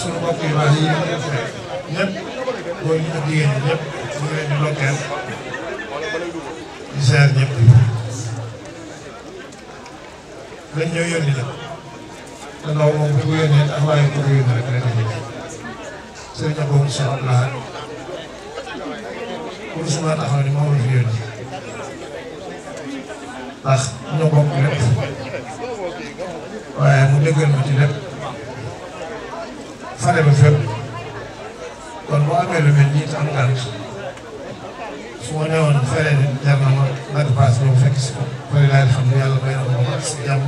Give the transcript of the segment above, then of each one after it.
suñu mbokk yu baax yi ñëpp ñëpp góor ñi ak jigéen ñi ñëpp ñu ngi leen di ndokkeel di ziar ñëpp lañ ñoo yónni nag te ndaw moom bu ñu ko yónnee ak waaye bu ñu ko yónnee rek dana ñëw sëriñ Abou Moussa Abdoulaye pour su ma taxaw ni moom la fi yónni ndax ñoo bokk lépp waaye mu dëggal ma ci lépp. fare ba fépp kon boo amee lu mel nii tam ngant su ma woon fere jar na ma nag paas ñëw fekk si ko fere laa xam ne yàlla may na ko ma si jàmm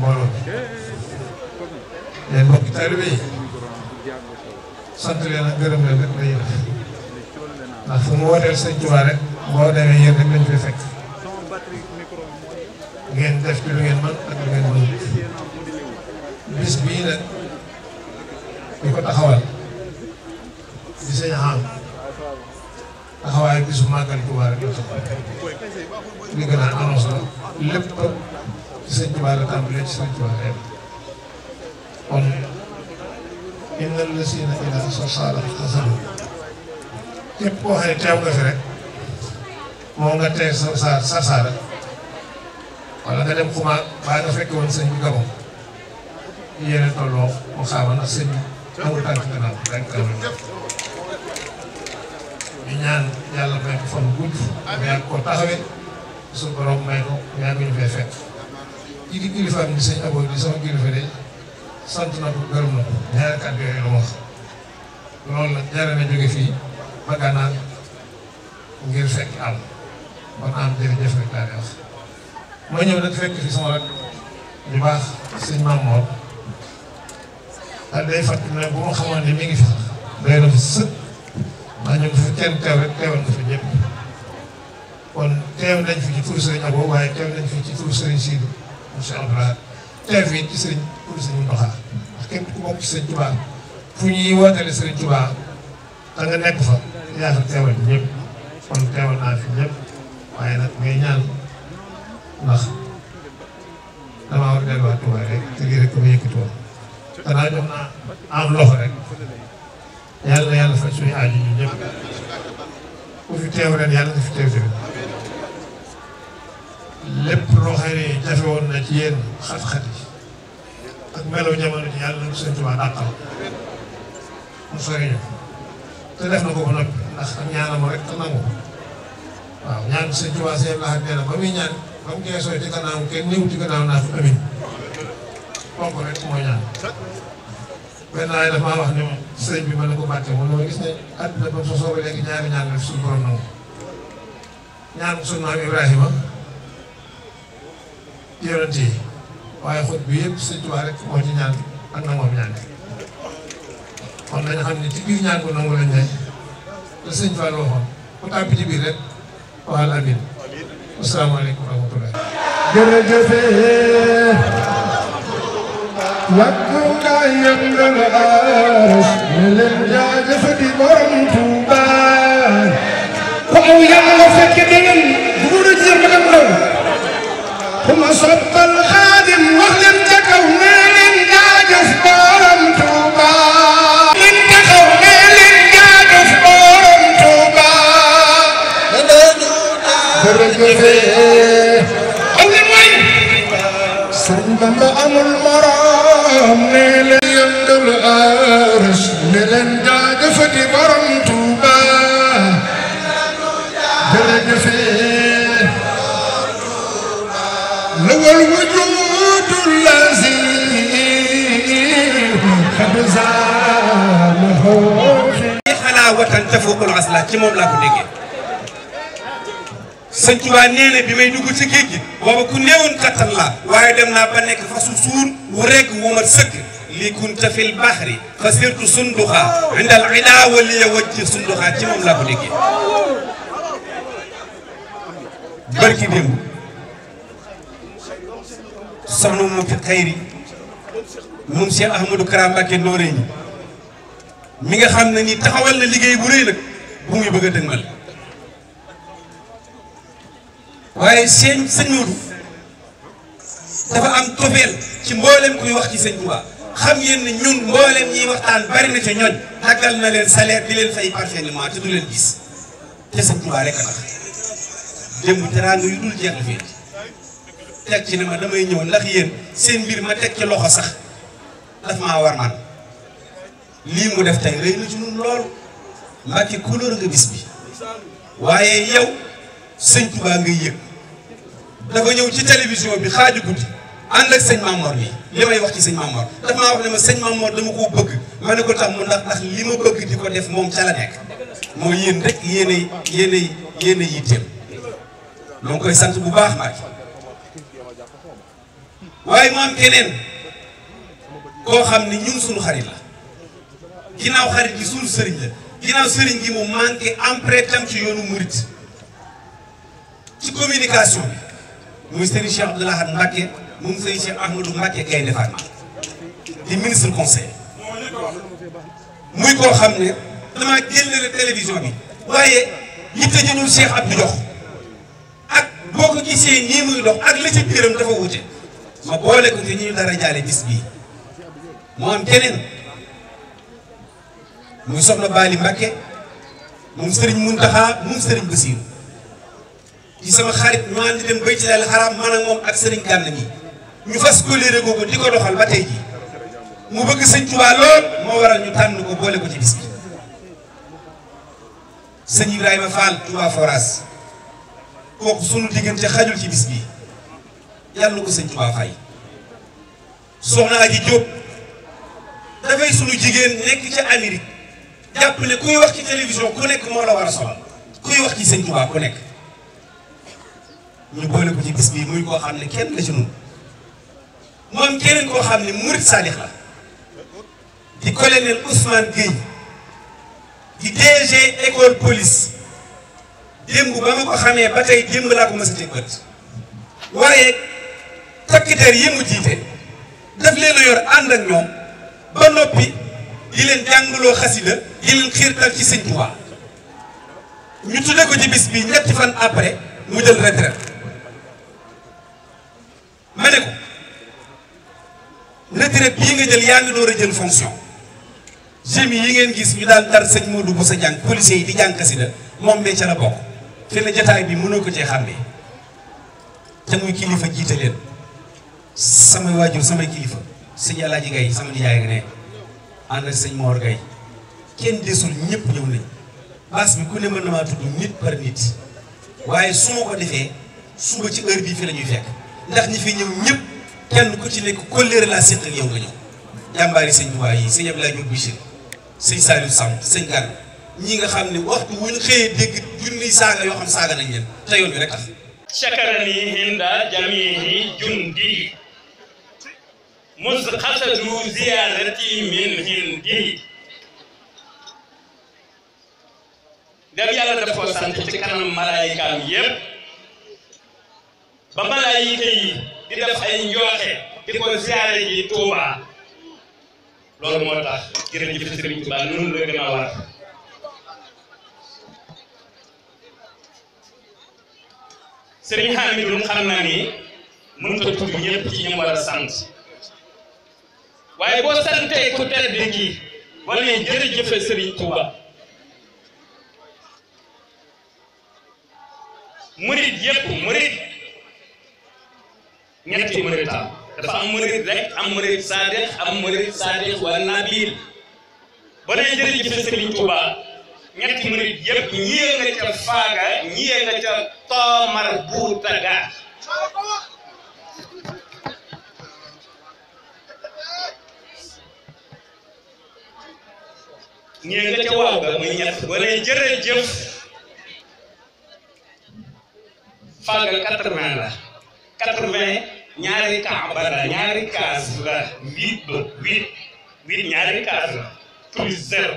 ma ngeen def ci lu ngeen mën ak lu ngeen bis bii nag di ko taxawal di sëñ xam bi su màggal Tuubaa rek a annonce la lépp ci sëñ Tuubaa la tàmbalee ci sëñ Tuubaa la kon inna lazina ila so teew nga fi rek moo nga tey sa sa sa dem xuma baa nga fekk woon sëñ bi gabon yéene tolloo mu xaaral ak sëñ amul tànk kanam rek la ñu ñaan yàlla may ko fan gudd yaa ko taxawee suñu borom may ko yaa ngi ñu fay fekk ci di kilifaam di sëñ Abo di sama kilifa de sant na ko gërëm na ko ñaari kàddu yooyu la wax di wax ma ak ah day fàttali ne bu ma xamoon ne mi ngi fi doy na fi sëkk ndax ñu fi kenn teew rek teew nañ nga fa yaa kon teewal naa fi ñëpp waaye nag ngay ñaan ndax damaa war a delluwaat Tuubaa te lii rek ko ma yëkkati xanaa jox naa am loxo rek yàlla yàlla faj suñu aaju ñun ñëpp lépp loo xam ne na ci yéen xat-xat yi ak melaw jamono ji yàlla nañu seen tubaab dàqal mu te def na ko ba noppi ndax ak ñaanam rek nangu waaw ñaan seen seen laxat nee na ba muy ñaan ba mu geesoo ci gannaaw kenn néew ci gannaaw naa fi amin kooku rek mooy ñaan benn laay dafa wax ne sëñ bi ma ne ko bàtte moom loolu gis ne àdduna ba sosoo ba léegi ñaari ñaan def suñu borom nangu ñaan suñu maam Ibrahima ñaan ak nangoom ñaan xam ne ci ñaan ko nangu lañ ne te sëñ Fall waxoon ku tàbbi ci biir rek waxal amin asalaamaaleykum wa rahmatulah jërëjëf wàkku kaay yëngal aras ne leen jaajëfati borom Tuuba ku aw yàlla fekk deneen bu ko doon jël ma dem daw ku ma soppal لو الوجود الذي قد زاله حلاوة تفوق العسل ci moom laa ko déggee sëñ Tuubaa nee bi may dugg ci géej gi booba ku néewoon kattan laa waaye naa ba nekk fasu suur wu rekk wu mat sëkk li kunta fil bahri fa sirtu sunduxa inda al ida wa liya wajji sunduxa ci laa ko déggee barki démb soxna mu fi xayri moom Cheikh Ahmadou Kara Mbacké Noreyni mi nga xam ne ni taxawal na liggéey bu rëy nag bu muy bëgg a dëgmal waaye seen sëñ Modou dafa am tofeel ci mboolem kuy wax ci sëñ Touba xam ngeen ne ñun mboolem ñiy waxtaan bari na ca ñooñ daggal na leen salaire di leen fay parfaitement te du leen gis te sëñ Touba rek a tax démb teraanga yu dul jeex la fii nag ci ne ma damay ñëw ndax yéen seen mbir ma teg ci loxo sax daf maa war man lii mu def tey rëy na ci ñun lool mbàkki couleur nga bis bi waaye yow sëñ Touba ngay yëg dafa ñëw ci télévision bi xaaju guddi ànd ak sëñ Mamor bi li may wax ci sëñ Mamor daf maa wax ne ma sëñ Mamor dama koo bëgg ma ne ko tax mu ndax ndax li ma bëgg di ko def moom ca la nekk mooy yéen rek yéenay yéenay yitteem. ñoo koy sant bu baax waaye mu am koo xam ne ñun suñu xarit la ginnaaw xarit gi suñu sëriñ la ginnaaw sëriñ gi mu manqué empruntam ci yoonu murit ci communication bi muy sëriñ Cheikh Abdou Lahad Mbacké moom sëriñ Cheikh Ahmadou koo xam dama génnale télévision bi waaye yitte jëlul Cheikh Abdou jox ak boo ko gisee nii muy dox ak la ca dafa wute ma boole ko ci ñi ñu dara jaale bis bii mu am keneen muy soxna Bali Mbakke moom Serigne Mountakha moom Serigne Bassirou ci sama xarit ñu ànd dem bay ci dal xaraam man ak moom ak Serigne Gànn mi ñu fas kóllëre googu di ko doxal ba tey jii mu bëgg sëñ Tuubaa lool moo waral ñu tànn ko boole ko ci bis bi sëñ Ibrahima Fall Touba Foras kooku sunu diggante xajul ci bis bi. yàlla na ko sëñ Tuubaa fay soxna Aji Diop dafay sunu jigéen nekk ca Amérique jàpp ne kuy wax ci télévision ku nekk moo la war a kuy wax ci sëñ Tuubaa ku ñu boole ko ci gis bii muy koo xam ne kenn la ci nun moom keneen koo xam ne murit saalix la di colonel Ousmane Gueye di DG école police démb ba ma ko xamee ba tey démb laa ko mës a teg bët waaye takkiteer yi mu jiite daf leen la yor ànd ak ñoom ba noppi di leen jàngaloo xasida di leen xiirtal ci sëñ Tuubaa ñu tudde ko ci bis bi ñetti fan après mu jël retraite ma ne ko bii nga jël yaa ngi door a jël fonction jeunes yi ngeen gis ñu daan dar sëñ Modou sa jàng policier yi di jàng xasida moom mee ca la bokk fi ne jataay bi mënoo ko cee xàmmee te muy kilifa jiite leen samay waajur samay kilifa sëñ Alaaji Gay sama nijaay nga ne ànd sañ sëñ Mor Gay kenn desul ñëpp ñëw nañ baas bi ku ne mën na maa tudd nit par nit waaye su ma ko defee suba ci heure bii fi la ñuy fekk ndax ñi fi ñëw ñëpp kenn ko ci nekk kóllëre laa séq ak yow nga ñëw jàmbaari sëñ Tuubaa yi sëñ Abdoulaye Diop Bichir sëñ Saliou Samb sëñ Gànn ñi nga xam ne waxtu wuñ xëyee dégg junniy saaga yoo xam saaga nañ leen te yoon bi rek tax. chakarani hinda jamihi mus xasadu ziyaarati min hindi dem yàlla daf ko sant ci kanam malaayikaam yépp ba malaayika yi di def ay njooxe di ko ziyaare ji Tuuba loolu moo tax jërëjëf Sëriñ Tuuba noonu la gën a war Sëriñ Hamidou xam na ni mënut a tudd ñëpp ci ñi sant waaye boo santee ku tedd gi wane jërëjëfe Sëriñ Tuuba murit yépp murit ñetti murit am dafa am murit rek am murit saadix am murit saadix wala nabil ba nee jërëjëfe Sëriñ Tuuba ñetti murit yépp ñii nga ca faaga ñii nga ca toomar buutaga ñee nga ca waaw ga muy ñett ba ne jërëjëf fàgga quatre-vingt la quatre-vingt ñaari kaaba la ñaari kaas la huit ba huit huit ñaari kaas la plus zéro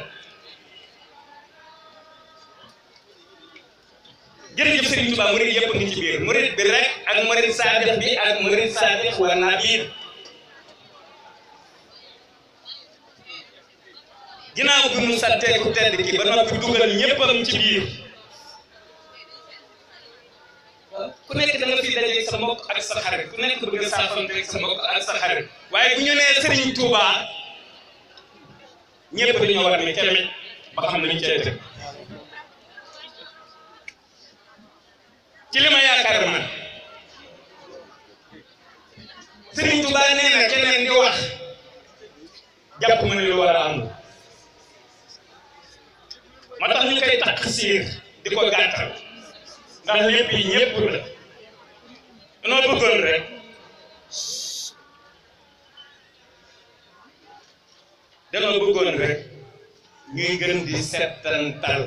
jërëjëf Serigne Touba murid yëpp ngi ci biir murid bi rek ak murid saadix bi ak murid saadix war naa biir ginnaaw bi mu santee ku tedd ki ba noppi dugal ñéppam ci biir ku nekk da nga fi sa mbokk ak sa ku nekk bëgg a saafanteeg sa mbokk ak sa xarit waaye bu ñu nee Serigne Touba ñépp dañoo war ne ci li ma yaakaar man Serigne Touba nee ma ne lu war ma tax ñu koy takk siir di ko gàttal ndax lépp yi ñëpp la noo bëggoon rek danoo ñuy gën di settantal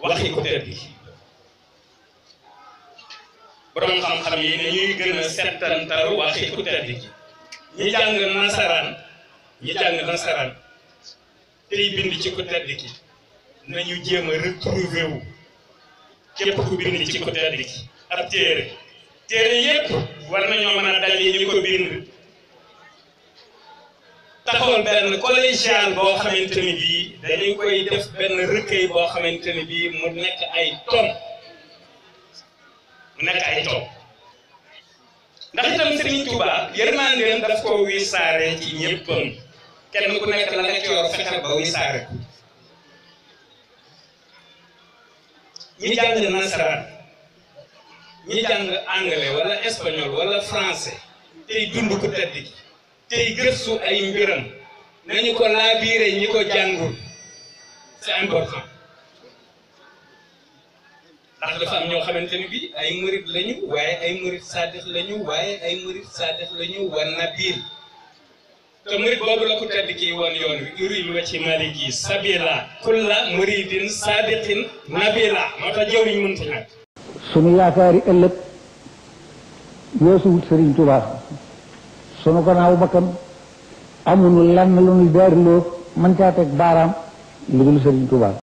waxi ko tedd gi borom xam-xam yi ne ñuy gën a settantal waxi ku tedd gi ñi jàng nasaraan ñi jàng nasaraan tey bind ci ku tedd gi nañu jéem a retrouver wu képp ku bind ci ko tedd gi ab téere téere yépp war nañoo mën a daje ko bind taxawal benn collégial boo xamante ni bii dañu koy def benn recueil boo xamante ni bii mu nekk ay tome nekk ay tome ndax itam Serigne Touba yërmandeem daf ko wisaare ci ñéppam kenn ku nekk la nga ci yor fexe ba wisaare ko ñi jàng nasaraan ñi jàng anglais wala espagnol wala français tey dund ko tedd gi tey gëstu ay mbiram nañu ko laabiire ñi ko jàngul c'est important ndax dafa am ñoo xamante ni bii ay murit lañu waaye ay murit saadix lañu waaye ay murit saadix lañu wa nabil te murid boobu la ko tedd kii woon yoon wi uriy lu ci maliki sabila kulla muridin sadiqin nabila moo tax jëwriñ mënti nag sunu yaakaari ëllëg yoosu wut sëriñ Tuubaa sunu gannaaw bakkan amunu lenn lu nu daarloo mën caa teg baaraam lu dul sëriñ Tuubaa